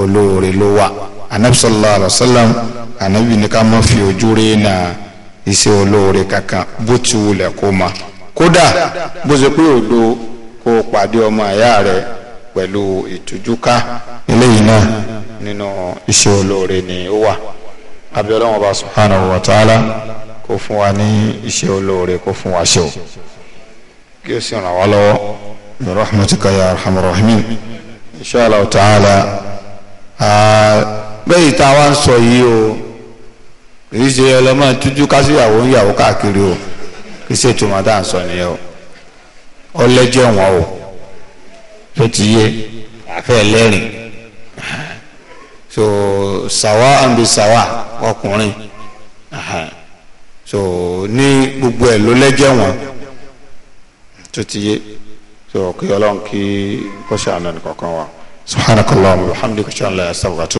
olóore ló wà anabi alayhi wa sallam anabi ní ká má fi ojú na iṣẹ́ olóore kankan bó ti wulẹ̀ kó ma kódà bó ṣe pé òdo kó pàdé ọmọ àyá rẹ̀ pẹ̀lú ìtújúká eléyìí náà nínú iṣẹ́ olóore ni ó wà abiyọlọ́wọ́n ọba subhanahu wa ta'ala kó fún wa ní iṣẹ́ olóore kó fún wa ṣe o kí o sì ràn wá lọ́wọ́ bi rahmatika ya arhamar rahimin ta'ala bẹ́ẹ̀ tá a wá ń sọ yìí o kì í ṣe ọlọ́mọ tújú kásìyàwó ń yàwó káàkiri o kì í ṣe tùmọ̀ tá à ń sọ nìyẹn o ọlẹ́jọ́ wọn o tó ti yé àfẹ́ lẹ́rìn so sàwa àǹbí sàwa ọkùnrin so ní gbogbo ẹ̀ ló lẹ́jọ́ wọn tó ti yé so kí ọlọ́run kí kó ṣàánú nìkankan wa subhanakallah wa bihamdika ṣe ń lọ ẹ̀ sọ̀rọ̀ tó.